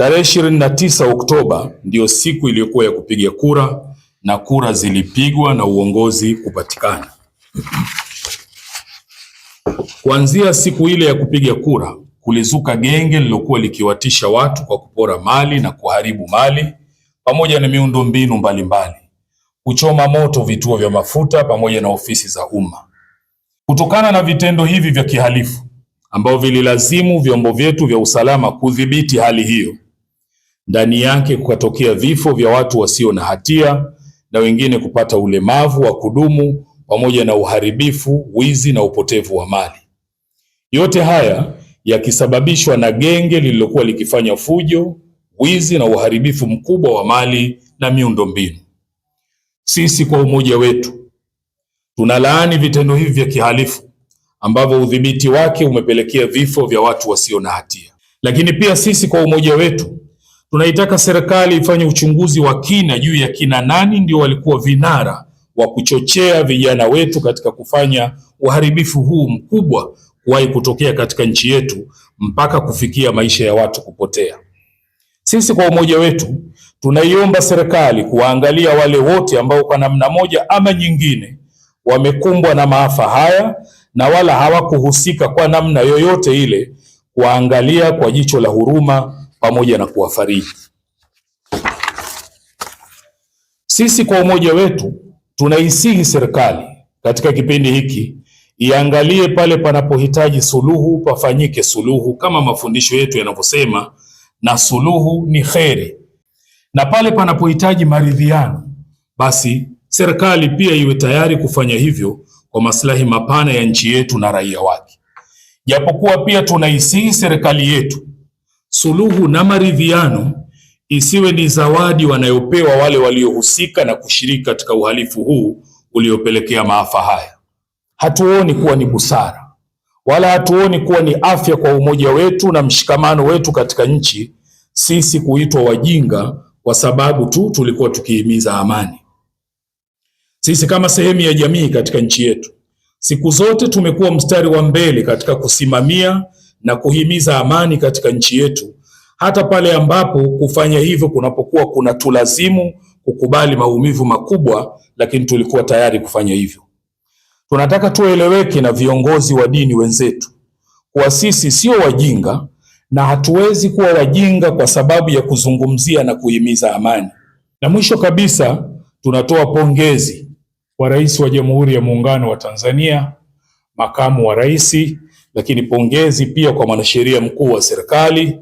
Tarehe ishirini na tisa Oktoba ndiyo siku iliyokuwa ya kupiga kura na kura zilipigwa na uongozi kupatikana. Kuanzia siku ile ya kupiga kura kulizuka genge lilokuwa likiwatisha watu kwa kupora mali na kuharibu mali pamoja na miundombinu mbalimbali, kuchoma moto vituo vya mafuta pamoja na ofisi za umma. Kutokana na vitendo hivi vya kihalifu ambao vililazimu vyombo vyetu vya usalama kudhibiti hali hiyo, ndani yake kukatokea vifo vya watu wasio na hatia na wengine kupata ulemavu wa kudumu pamoja na uharibifu, wizi na upotevu wa mali. Yote haya yakisababishwa na genge lililokuwa likifanya fujo, wizi na uharibifu mkubwa wa mali na miundombinu. Sisi kwa umoja wetu tunalaani vitendo hivi vya kihalifu ambavyo udhibiti wake umepelekea vifo vya watu wasio na hatia. Lakini pia sisi kwa umoja wetu Tunaitaka serikali ifanye uchunguzi wa kina juu ya kina nani ndio walikuwa vinara wa kuchochea vijana wetu katika kufanya uharibifu huu mkubwa kuwahi kutokea katika nchi yetu mpaka kufikia maisha ya watu kupotea. Sisi kwa umoja wetu tunaiomba serikali kuwaangalia wale wote ambao kwa namna moja ama nyingine wamekumbwa na maafa haya na wala hawakuhusika kwa namna yoyote ile, kuwaangalia kwa jicho la huruma pamoja na kuwafariji. Sisi kwa umoja wetu tunaisihi serikali katika kipindi hiki iangalie pale panapohitaji suluhu, pafanyike suluhu kama mafundisho yetu yanavyosema, na suluhu ni kheri, na pale panapohitaji maridhiano, basi serikali pia iwe tayari kufanya hivyo kwa maslahi mapana ya nchi yetu na raia wake. Japokuwa pia tunaisihi serikali yetu suluhu na maridhiano isiwe ni zawadi wanayopewa wale waliohusika na kushiriki katika uhalifu huu uliopelekea maafa haya. Hatuoni kuwa ni busara wala hatuoni kuwa ni afya kwa umoja wetu na mshikamano wetu katika nchi, sisi kuitwa wajinga kwa sababu tu tulikuwa tukihimiza amani. Sisi kama sehemu ya jamii katika nchi yetu, siku zote tumekuwa mstari wa mbele katika kusimamia na kuhimiza amani katika nchi yetu, hata pale ambapo kufanya hivyo kunapokuwa kuna tulazimu kukubali maumivu makubwa, lakini tulikuwa tayari kufanya hivyo. Tunataka tueleweke na viongozi wa dini wenzetu kuwa sisi sio wajinga na hatuwezi kuwa wajinga kwa sababu ya kuzungumzia na kuhimiza amani. Na mwisho kabisa, tunatoa pongezi kwa Rais wa Jamhuri ya Muungano wa Tanzania, makamu wa rais lakini pongezi pia kwa mwanasheria mkuu wa serikali